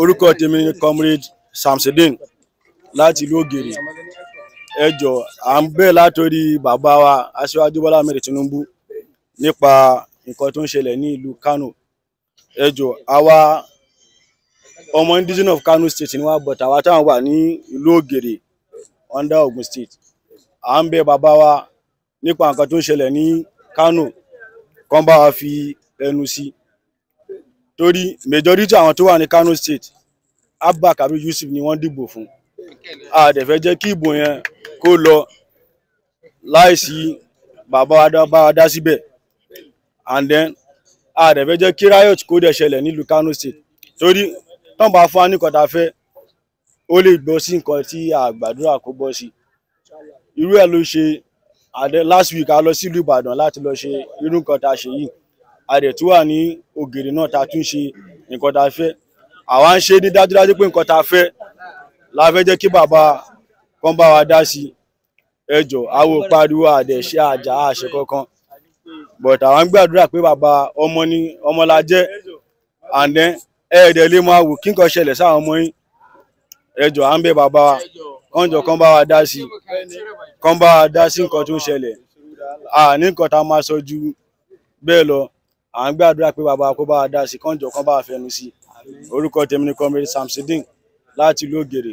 orúkọ tèmi ni comrade samsidin láti ìlú ògèrè ẹ jọ à ń bẹ̀ látòrí bàbá wa aṣíwájú bọ́lá mẹ́rin tinubu nípa nǹkan tó ń ṣẹlẹ̀ ní ìlú kano ẹ jọ àwa ọmọ indigenous of kano state ni wá but àwa táwọn wà ní ìlú ògèrè under ogun state à ń bẹ̀ bàbá wa nípa nǹkan tó ń ṣẹlẹ̀ ní kano kán bá wa fi ẹnu sí i torí majority àwọn tó wà ní Kano State Abba Kabir Yusuf ni wọ́n dìbò fún a dẹ̀ fẹ́ jẹ́ kí ìbò yẹn kó lọ láìsí bàbá wa dá síbẹ̀ and then a dẹ̀ fẹ́ jẹ́ kí riot kó dẹ̀ ṣẹlẹ̀ nílùú Kano State torí tán bá fún wa ní kọ̀tà fẹ́ ó lè gbọ́ sí nǹkan tí àgbàdúrà kó bọ́ sí irú ẹ̀ ló ṣe last week a lọ sílùú Ìbàdàn láti lọ ṣe irú nǹkan tá a ṣe yìí a dẹ̀ tún wà ní ògèrè náà ta tún ṣe nǹkan ta fẹ́ àwa ń ṣe ní dájúdájú pé nǹkan ta fẹ́ la fẹ́ jẹ́ kí bàbá kan bá wa dá sí ẹ jọ àwo pariwo àdẹ̀ṣe àjà àṣẹ kankan but àwa ń gbàdúrà pé bàbá ọmọ ni ọmọ la ẹ̀ẹ́dẹ̀ lè máa wò kí nǹkan ṣẹlẹ̀ sáwọn ọmọ yín ẹ à ń bẹ bàbá wa kọ́njọ kan bá wa dá sí kan bá wa dá sí nǹkan tó ń ṣẹlẹ̀ à ní nǹkan tá máa sọ ju bẹ́ẹ̀ lọ à ń gbàdúrà pé bàbá kó bá wa dá sí kọ́ńjọ kan bá wa fẹnu sí orúkọ tèmi ni comrade Samsudeen láti ìlú ògèrè